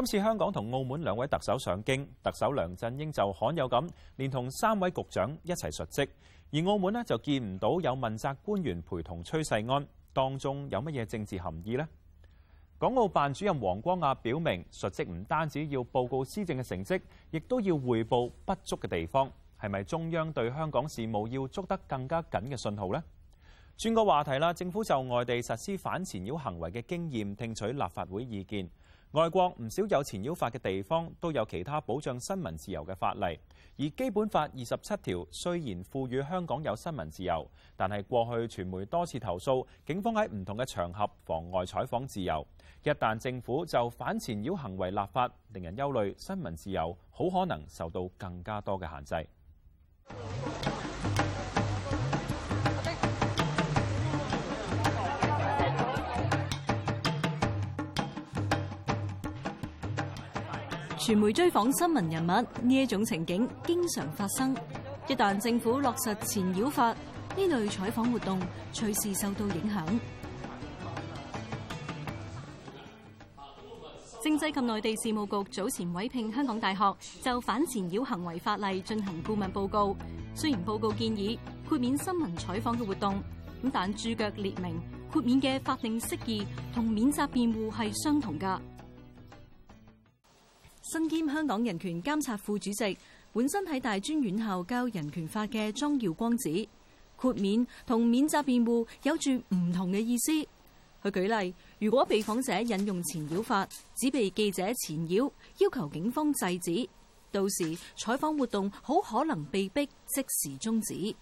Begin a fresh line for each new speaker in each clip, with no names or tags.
今次香港同澳門兩位特首上京，特首梁振英就罕有咁連同三位局長一齊述職，而澳門呢就見唔到有問責官員陪同崔世安。當中有乜嘢政治含義咧？港澳辦主任黃光亞表明，述職唔單止要報告施政嘅成績，亦都要匯報不足嘅地方，係咪中央對香港事務要捉得更加緊嘅信號咧？轉個話題啦，政府就外地實施反纏擾行為嘅經驗聽取立法會意見。外國唔少有纏擾法嘅地方都有其他保障新聞自由嘅法例，而基本法二十七條雖然賦予香港有新聞自由，但係過去傳媒多次投訴警方喺唔同嘅場合妨礙採訪自由。一旦政府就反纏擾行為立法，令人憂慮新聞自由好可能受到更加多嘅限制。
傳媒追訪新聞人物，呢一種情景經常發生。一旦政府落實纏擾法，呢類採訪活動隨時受到影響。政制及內地事務局早前委聘香港大學就反纏擾行為法例進行顧問報告，雖然報告建議豁免新聞採訪嘅活動，咁但註腳列明豁免嘅法定釋義同免責辯護係相同㗎。身兼香港人權監察副主席，本身喺大專院校教人權法嘅莊耀光指，豁免同免責辯護有住唔同嘅意思。佢舉例，如果被訪者引用纏繞法，只被記者纏繞，要求警方制止，到時採訪活動好可能被逼即時終止。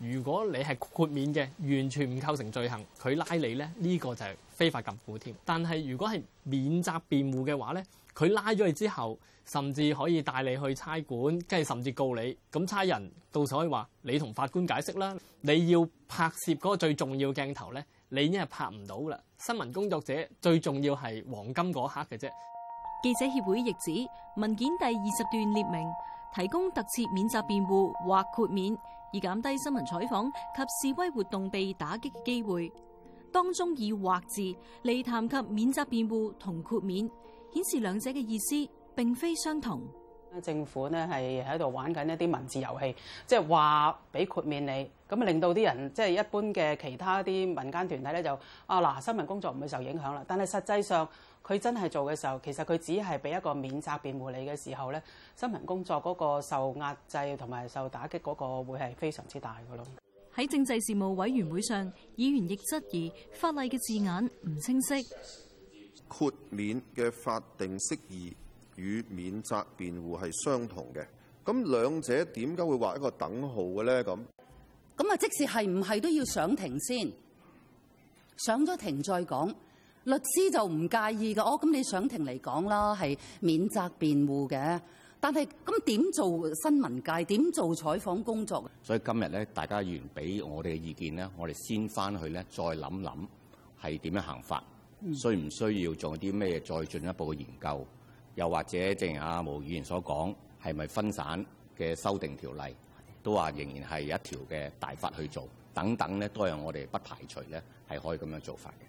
如果你係豁免嘅，完全唔構成罪行，佢拉你呢，呢個就係非法禁錮添。但係如果係免責辯護嘅話呢。佢拉咗你之後，甚至可以帶你去差館，跟住甚至告你。咁差人到時可以話你同法官解釋啦。你要拍攝嗰個最重要鏡頭咧，你已經拍唔到啦。新聞工作者最重要係黃金嗰刻嘅啫。
記者協會亦指文件第二十段列明提供特設免責辯護或豁免，以減低新聞採訪及示威活動被打擊嘅機會。當中以或字嚟談及免責辯護同豁免。顯示兩者嘅意思並非相同。
政府咧係喺度玩緊一啲文字遊戲，即係話俾豁免你，咁啊令到啲人即係一般嘅其他啲民間團體咧就啊嗱新聞工作唔會受影響啦。但係實際上佢真係做嘅時候，其實佢只係俾一個免責辯護你嘅時候咧，新聞工作嗰個受壓制同埋受打擊嗰個會係非常之大㗎囉。
喺政制事務委員會上，議員亦質疑法例嘅字眼唔清晰。
豁免嘅法
定釋義與免責辯護係相同嘅，咁兩者點
解會畫一個等號嘅咧？咁咁啊，即使係唔係都要上庭先，上咗庭再講，律師就唔介意嘅。哦，咁你上庭嚟講啦，係免責辯護嘅，但係咁點做新聞界？點做採訪工作？
所以今日咧，大家要俾我哋嘅意見咧，我哋先翻去咧，再諗諗係點樣行法。需唔需要做啲咩？再進一步嘅研究，又或者正如阿毛議員所講，係咪分散嘅修訂條例都話仍然係一條嘅大法去做等等咧，都係我哋不排除咧係可以咁樣做法嘅。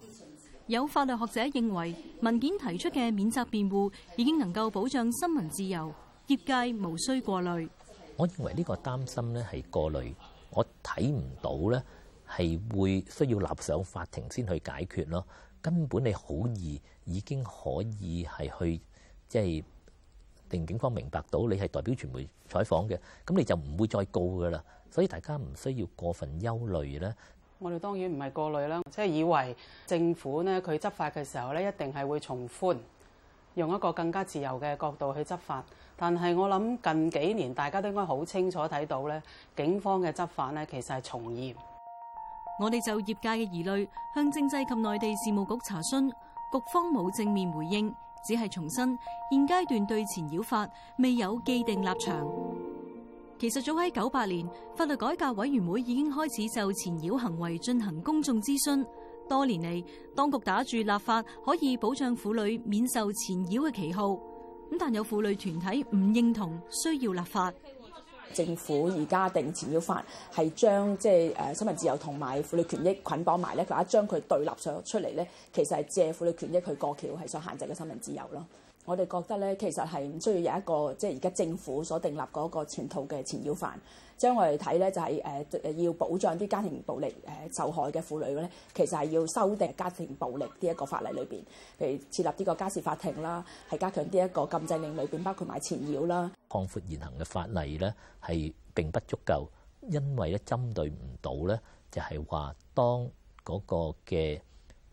有法律學者認為文件提出嘅免責辯護已經能夠保障新聞自由，業界無需過慮，
我認為呢個擔心咧係過慮，我睇唔到咧係會需要立上法庭先去解決咯。根本你好易已經可以係去即係令警方明白到你係代表傳媒採訪嘅，咁你就唔會再告噶啦。所以大家唔需要過分憂慮咧。
我哋當然唔係過慮啦，即係以為政府咧佢執法嘅時候咧一定係會從寬用一個更加自由嘅角度去執法。但係我諗近幾年大家都應該好清楚睇到咧，警方嘅執法咧其實係從嚴。我哋就業界嘅疑
慮，向政制及內地事務局查詢，局方冇正面回應，只係重申現階段對纏擾法未有既定立場。其實早喺九八年，法律改革委員會已經開始就纏擾行為進行公眾諮詢。多年嚟，當局打住立法可以保障婦女免受纏擾嘅旗號，咁但有婦女團體唔認同需要立法。政府而家訂纏擾法係將即係誒，新聞自由同埋婦女權益捆綁埋咧，佢而家將佢對立上出嚟咧，其實係借婦女權益去過橋，係所限制嘅新聞自由咯。我哋覺得咧，其實係唔需要有一個即係而家政府所訂立嗰個全套嘅纏擾法。將我哋睇咧，就係誒要保障啲家庭暴力誒受害嘅婦女咧，其實係要修訂家庭暴力呢一個法例裏邊，譬如設立呢個家事法庭啦，係加強呢一個禁制令裏邊，包括埋纏擾啦。
擴闊現行嘅法例咧，係並不足夠，因為咧針對唔到咧，就係話當嗰個嘅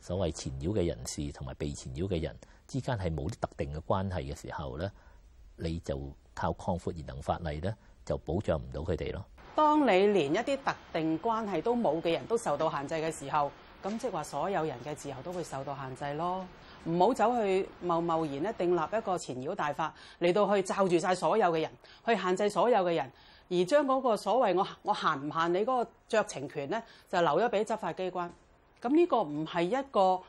所謂纏擾嘅人士同埋被纏擾嘅人之間係冇啲特定嘅關係嘅時候咧，你就靠擴闊現行法例咧。就保障唔到佢哋咯。
當你連一啲特定關係都冇嘅人都受到限制嘅時候，咁即係話所有人嘅自由都會受到限制咯。唔好走去貿貿然咧訂立一個纏擾大法嚟到去罩住晒所有嘅人，去限制所有嘅人，而將嗰個所謂我我限唔限你嗰個酌情權咧，就留咗俾執法機關。咁呢個唔係一個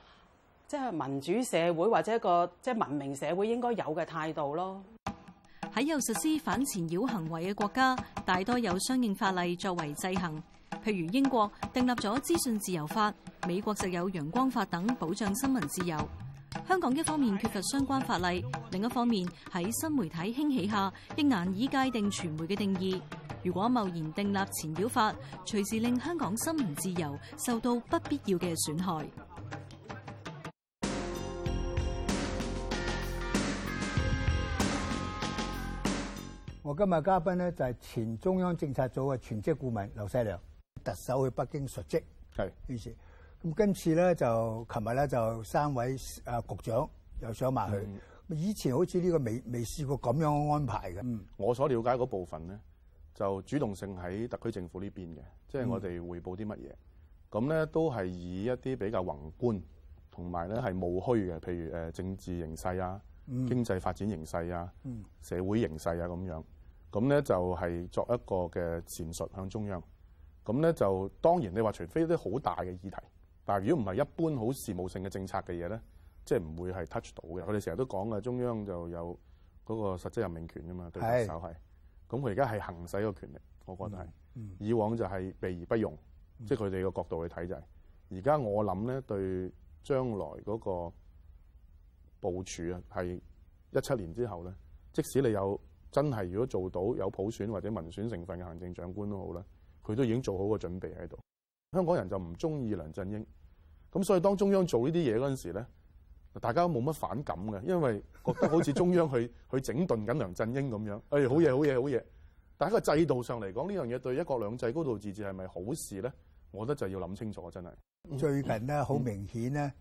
即係、就是、民主社會或者一個即係、就是、文明社會應該有嘅態度咯。喺有實施反纏擾行為嘅國家，大
多有相應法例作為制衡，譬如英國訂立咗資訊自由法，美國就有陽光法等保障新聞自由。香港一方面缺乏相關法例，另一方面喺新媒體興起下，亦難以界定傳媒嘅定義。如果貿然訂立纏擾法，隨時令香港新聞自由受到不必要嘅損
害。我今日嘉賓咧就係前中央政策組嘅全職顧問劉世良，特首去北京述職，係，於是，咁今次咧就琴日咧就三位啊局長又上埋去、嗯，以前好似呢個未未試過咁樣嘅安排嘅，
我所了解嗰部分咧就主動性喺特區政府呢邊嘅，即係我哋彙報啲乜嘢，咁、嗯、咧都係以一啲比較宏觀同埋咧係務虛嘅，譬如誒政治形勢啊、經濟發展形勢啊、嗯、社會形勢啊咁樣。咁咧就係作一個嘅闡述向中央。咁咧就當然你話除非啲好大嘅議題，但係如果唔係一般好事務性嘅政策嘅嘢咧，即係唔會係 touch 到嘅。我哋成日都講嘅中央就有嗰個實質任命權㗎嘛，對手係。咁佢而家係行使個權力，我覺得係、嗯。以往就係避而不用，即係佢哋個角度去睇就係、是。而家我諗咧對將來嗰個部署啊，係一七年之後咧，即使你有。真係，如果做到有普選或者民選成分嘅行政長官都好啦，佢都已經做好個準備喺度。香港人就唔中意梁振英，咁所以當中央做呢啲嘢嗰陣時咧，大家都冇乜反感嘅，因為覺得好似中央去 去整頓緊梁振英咁樣。誒、哎，好嘢，好嘢，好嘢。但係喺個制度上嚟講，呢樣嘢對一國兩制高度自治係咪好事咧？我覺得就係要諗清楚，真係。
最近咧，好明顯咧，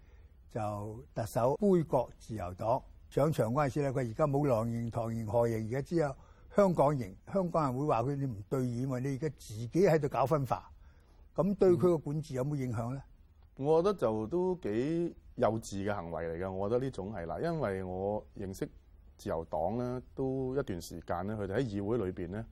就特首杯葛自由黨。上場嗰陣時咧，佢而家冇狼營、唐營、何營，而家只有香港營。香港人會話佢你唔對演喎，你而家自己喺度搞分化，咁對佢個管治有冇影響咧、嗯？
我覺得就都幾幼稚嘅行為嚟㗎。我覺得呢種係啦，因為我認識自由黨咧，都一段時間咧，佢哋喺議會裏邊咧，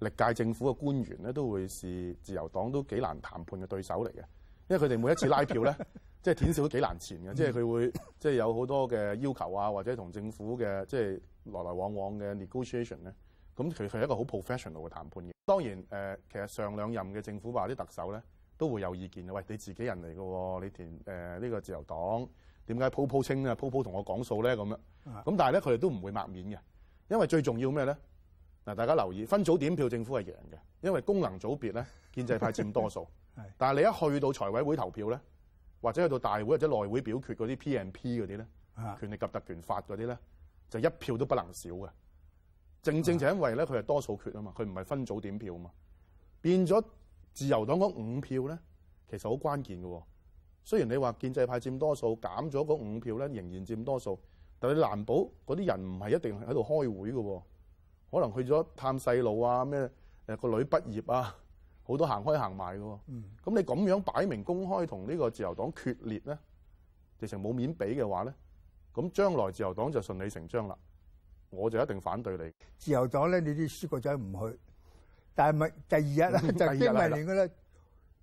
歷屆政府嘅官員咧，都會視自由黨都幾難談判嘅對手嚟嘅。因為佢哋每一次拉票咧，即係攤少都幾難纏嘅，即係佢會即係有好多嘅要求啊，或者同政府嘅即係來來往往嘅 negotiation 咧，咁佢實係一個好 professional 嘅談判嘅。當然誒、呃，其實上兩任嘅政府或啲特首咧，都會有意見啊。喂，你自己人嚟嘅喎，你填誒呢、呃這個自由黨點解鋪鋪清啊鋪鋪同我講數咧咁樣。咁但係咧，佢哋都唔會抹面嘅，因為最重要咩咧？嗱，大家留意分組點票，政府係贏嘅，因為功能組別咧，建制派佔多數。但係你一去到財委會投票咧，或者去到大會或者內會表決嗰啲 P and P 嗰啲咧，權力及特權法嗰啲咧，就一票都不能少嘅。正正就因為咧，佢係多數決啊嘛，佢唔係分組點票啊嘛，變咗自由黨嗰五票咧，其實好關鍵嘅。雖然你話建制派佔多數，減咗嗰五票咧，仍然佔多數，但係你難保嗰啲人唔係一定喺度開會嘅，可能去咗探細路啊，咩誒個女畢業啊。好多行開行埋嘅，咁你咁樣擺明公開同呢個自由黨決裂咧，直情冇面畀嘅話咧，咁將來自由黨就順理成章啦，我就一定反對你。
自由黨咧，你啲書國仔唔去，但係咪第二日咧 就兵敗連營咧，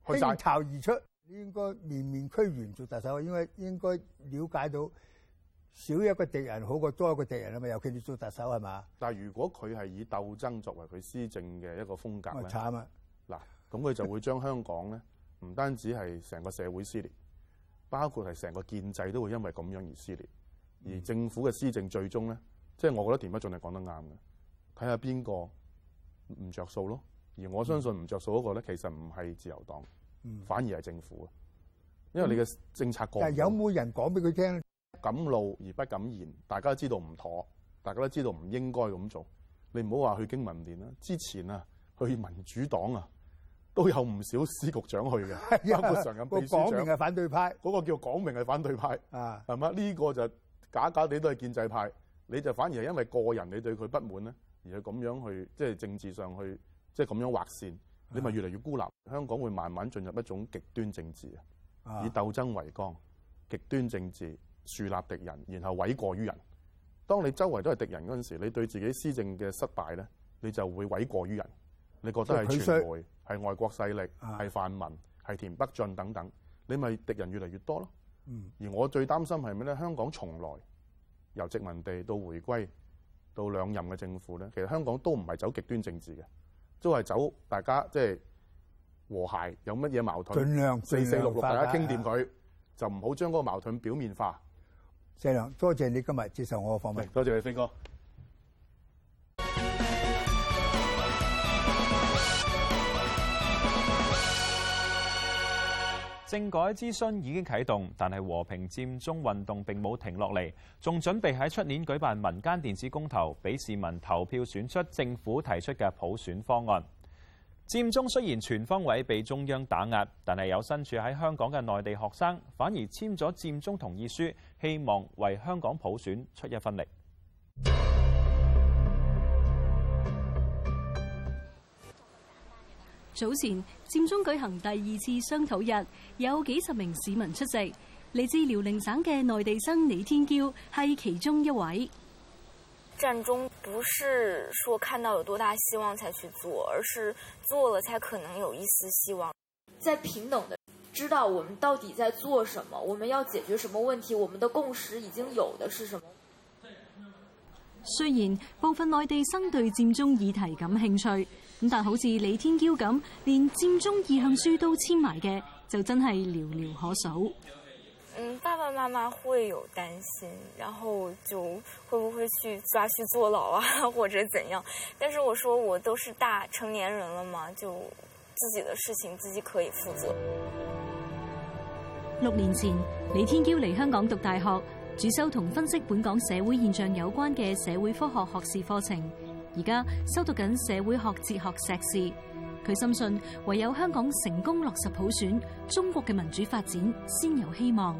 傾巢而出，你應該面面俱圓做特首，應該應該了解到少一個敵人好過多一個敵人啊嘛，尤其你做特首係
嘛。但係如果佢係以鬥爭作為佢施政嘅一個風格咧，嗱、
慘
啊。咁佢就會將香港咧，唔單止係成個社會撕裂，包括係成個建制都會因為咁樣而撕裂。而政府嘅施政最終咧，即、嗯、係我覺得田北俊係講得啱嘅。睇下邊個唔着數咯？而我相信唔着數嗰個咧，其實唔係自由黨，嗯、反而係政府啊。因為你嘅政策過，但有
冇人講俾佢聽？
敢怒而不敢言，大家都知道唔妥，大家都知道唔應該咁做。你唔好話去經民聯啦，之前啊去民主黨啊。都有唔少司局長去嘅，有冇常任？嗰講明係反對派，嗰、那個叫講明係反對派，係、啊、嘛？呢、這個就是、假假地都係建制派，你就反而係因為個人你對佢不滿咧，而咁樣去即係、就是、政治上去即係咁樣劃線，啊、你咪越嚟越孤立。香港會慢慢進入一種極端政治啊！以鬥爭為綱，極端政治樹立敵人，然後毀過於人。當你周圍都係敵人嗰陣時，你對自己施政嘅失敗咧，你就會毀過於人。你覺得係傳媒、係外國勢力、係泛民、係田北俊等等，你咪敵人越嚟越多咯。嗯，而我最擔心係咩咧？香港從來由殖民地到回歸到兩任嘅政府咧，其實香港都唔係走極端政治嘅，都係走大家即係和諧，有乜嘢矛盾，儘量四四六六，大家傾掂佢，就唔好將個矛盾表面化。
謝亮，多謝你今日接受我嘅訪問。多謝你，飛哥。
政改諮詢已經啟動，但係和平佔中運動並冇停落嚟，仲準備喺出年舉辦民間電子公投，俾市民投票選出政府提出嘅普選方案。佔中雖然全方位被中央打壓，但係有身處喺香港嘅內地學生反而簽咗佔中同意書，希望為香港普選出一分力。
早前，佔中舉行第二次商討日，有幾十名市民出席。嚟自遼寧省嘅內地生李天驕係其中一位。
佔中不是說看到有多大希望才去做，而是做了才可能有一絲希望。在平等的知道我們到底在做什麼，我們要解決什麼問題，我們的共識已經有的是什麼？
雖然部分內地生對佔中議題感興趣。咁但好似李天驕咁，連佔中意向書都簽埋嘅，就真係寥寥可數。
嗯，爸爸媽媽會有擔心，然後就會不會去抓去坐牢啊，或者怎樣？但是我說我都是大成年人了嘛，就自己的事情自己可以負責。
六年前，李天驕嚟香港讀大學，主修同分析本港社會現象有關嘅社會科學學士課程。而家修讀緊社會學、哲學碩士，佢深信唯有香港成功落實普選，中國嘅民主發展先有希望。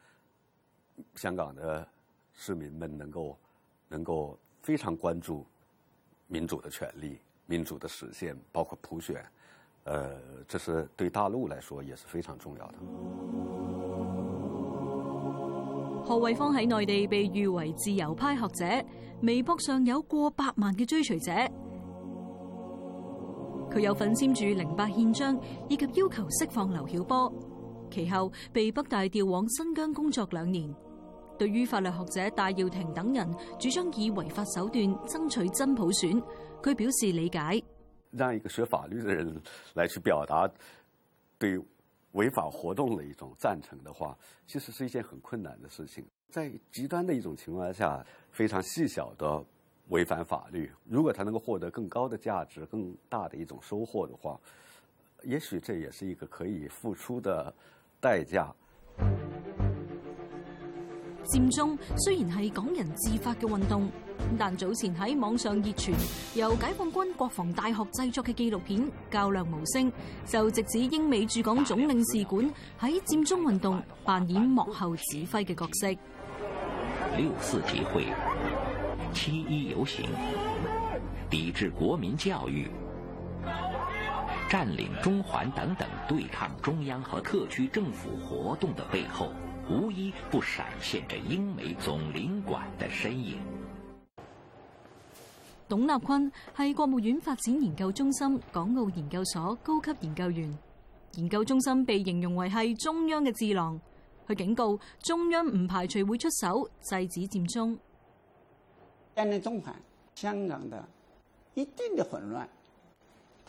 香港的市民們能夠能夠非常關注民主的權利、民主的實現，包括普選，呃，這是對大陸來說也是非常重要的。
何偉芳喺內地被譽為自由派學者，微博上有過百萬嘅追隨者，佢有份簽住零八憲章，以及要求釋放劉曉波。其後被北大調往新疆工作兩年。對於法律學者戴耀廷等人主張以違法手段爭取真普選，佢表示理解。
讓一個學法律的人來去表達對違法活動的一種贊成的話，其實是一件很困難的事情。在極端的一種情況下，非常細小的違反法律，如果他能夠獲得更高的價值、更大的一種收穫的話，也許這也是一個可以付出的代價。
佔中雖然係港人自發嘅運動，但早前喺網上熱傳由解放軍國防大學製作嘅紀錄片《較量無聲》，就直指英美駐港總領事館喺佔中運動扮演幕後指揮嘅角色。
六四集會、七一遊行、抵制國民教育、佔領中環等等，對抗中央和特區政府活動的背後，無一不閃現着英美總領館的身影。
董立坤係國務院發展研究中心港澳研究所高級研究員，研究中心被形容為係中央嘅智囊。佢警告中央唔排除會出手制止佔中
佔領中環，香港的一定的混亂。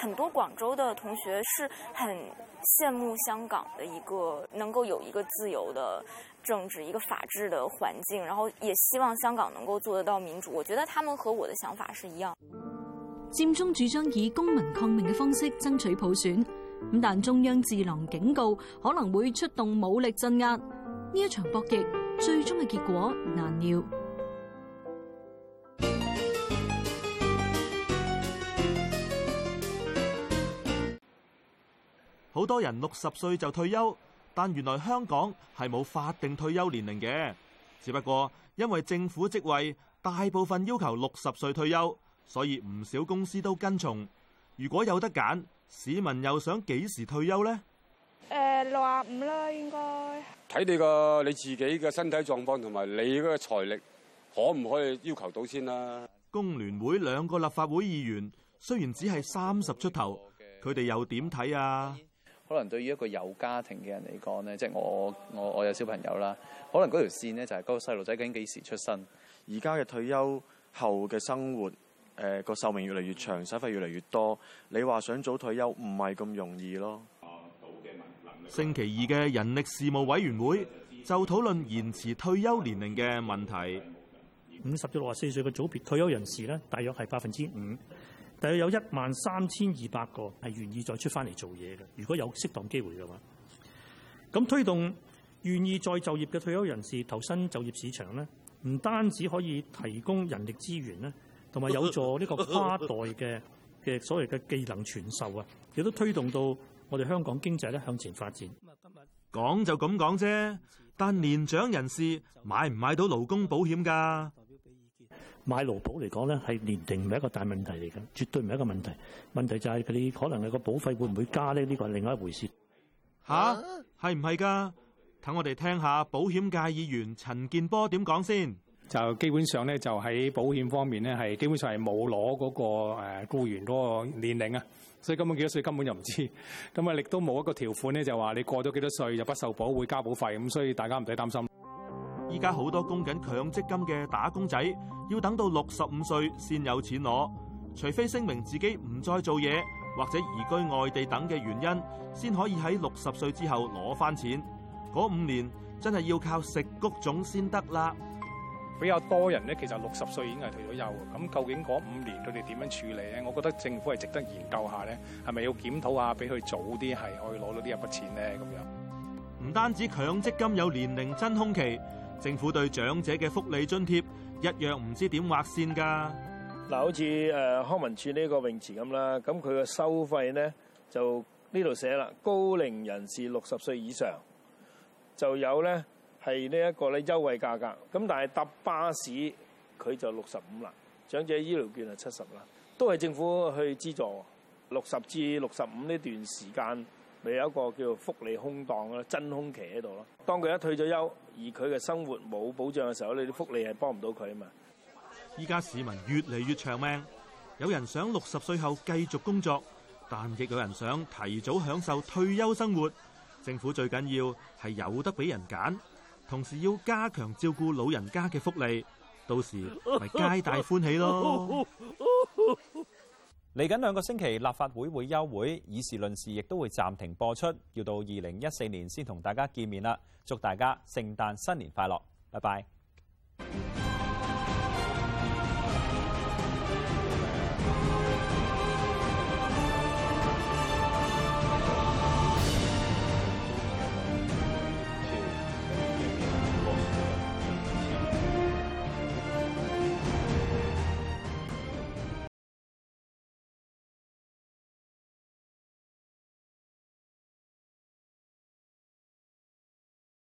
很多廣州的同學是很羨慕香港的一個能夠有一個自由的政治、一個法治的環境，然後也希望香港能夠做得到民主。我覺得他們和我的想法是一樣。
佔中主張以公民抗命嘅方式爭取普選，咁但中央智囊警告可能會出動武力鎮壓，呢一場博弈最終嘅結果難料。
好多人六十歲就退休，但原來香港係冇法定退休年齡嘅。只不過因為政府職位大部分要求六十歲退休，所以唔少公司都跟從。如果有得揀，市民又想幾時退休呢？
誒，六十五啦，應該
睇你個你自己嘅身體狀況同埋你個財力，可唔可以要求到先啦？工聯會兩個立法會議員雖然只係三十出頭，佢哋又點睇啊？
可能對於一個有家庭嘅人嚟講呢，即係我我我，我有小朋友啦。可能嗰條
線呢就係嗰個細路仔究竟幾時出生。而家嘅退休後嘅生活，誒，個壽命越嚟越長，使費越嚟越多。你話想早退休唔係咁容易咯。星期二嘅人力事務委員會就討論延遲退休年齡嘅問題。五十至六十四歲嘅組別退休人士呢，大約係百分之五。但係有一萬三千二百個係願意再出翻嚟做嘢嘅，如果有適當機會嘅話，咁推動願意再就業嘅退休人士投身就業市場咧，唔單止可以提供人力資源咧，同埋有助呢個跨代嘅嘅所謂嘅技能傳授啊，亦都推動到我哋香港經濟咧向前發展。講就咁講啫，但年長人士買唔買到勞工保險㗎？買勞保嚟講咧，係年齡，唔係一個大問題嚟嘅，絕對唔係一個問題，問題就係佢可能你個保費會唔會加咧？呢個係另外一回事。吓、啊，係唔係噶，等我哋聽下保險界議員
陳健波點講先。就基本上咧，就喺保險方面咧，係基本上係冇攞嗰個誒僱員嗰個年齡啊，所以根本幾多歲根本就唔知。咁啊，亦都冇一個條款咧，就話你過咗幾多歲就不受保，會加保費咁，所以大家唔使擔心。
依家好多供緊強積金嘅打工仔，要等到六十五歲先有錢攞，除非聲明自己唔再做嘢或者移居外地等嘅原因，先可以喺六十歲之後攞翻錢。嗰五年真係要靠食谷種先得啦。
比較多人咧，其實六十歲已經係退咗休嘅。咁究竟嗰五年佢哋點樣處理呢？我覺得政府係值得研究下呢，係咪要檢討下，俾佢早啲係可以攞到筆呢一筆錢咧？咁樣
唔單止強積金有年齡真空期，政府對長者嘅福利津貼一樣唔知點劃線㗎。嗱，好似誒康文署呢個泳池咁啦，咁佢嘅收費咧就呢度寫啦，高齡人士六十歲以上就有咧係呢一個咧優惠價格。咁但係搭巴士佢就六十五啦，長者醫療券係七十啦，都係政府去資助。六十至六十五呢段時間。你有一個叫做福利空檔嘅真空期喺度咯。當佢一退咗休，而佢嘅生活冇保障嘅時候，你啲福利係幫唔到佢啊嘛。依家市民越嚟越長命，有人想六十歲後繼續工作，但亦有人想提早享受退休生活。政府最緊要係有得俾人揀，同時要加
強照顧老人家嘅福利，到時咪皆大歡喜咯。嚟緊兩個星期，立法會會休會，議事論事亦都會暫停播出，要到二零一四年先同大家見面啦。祝大家聖誕新年快樂，拜拜！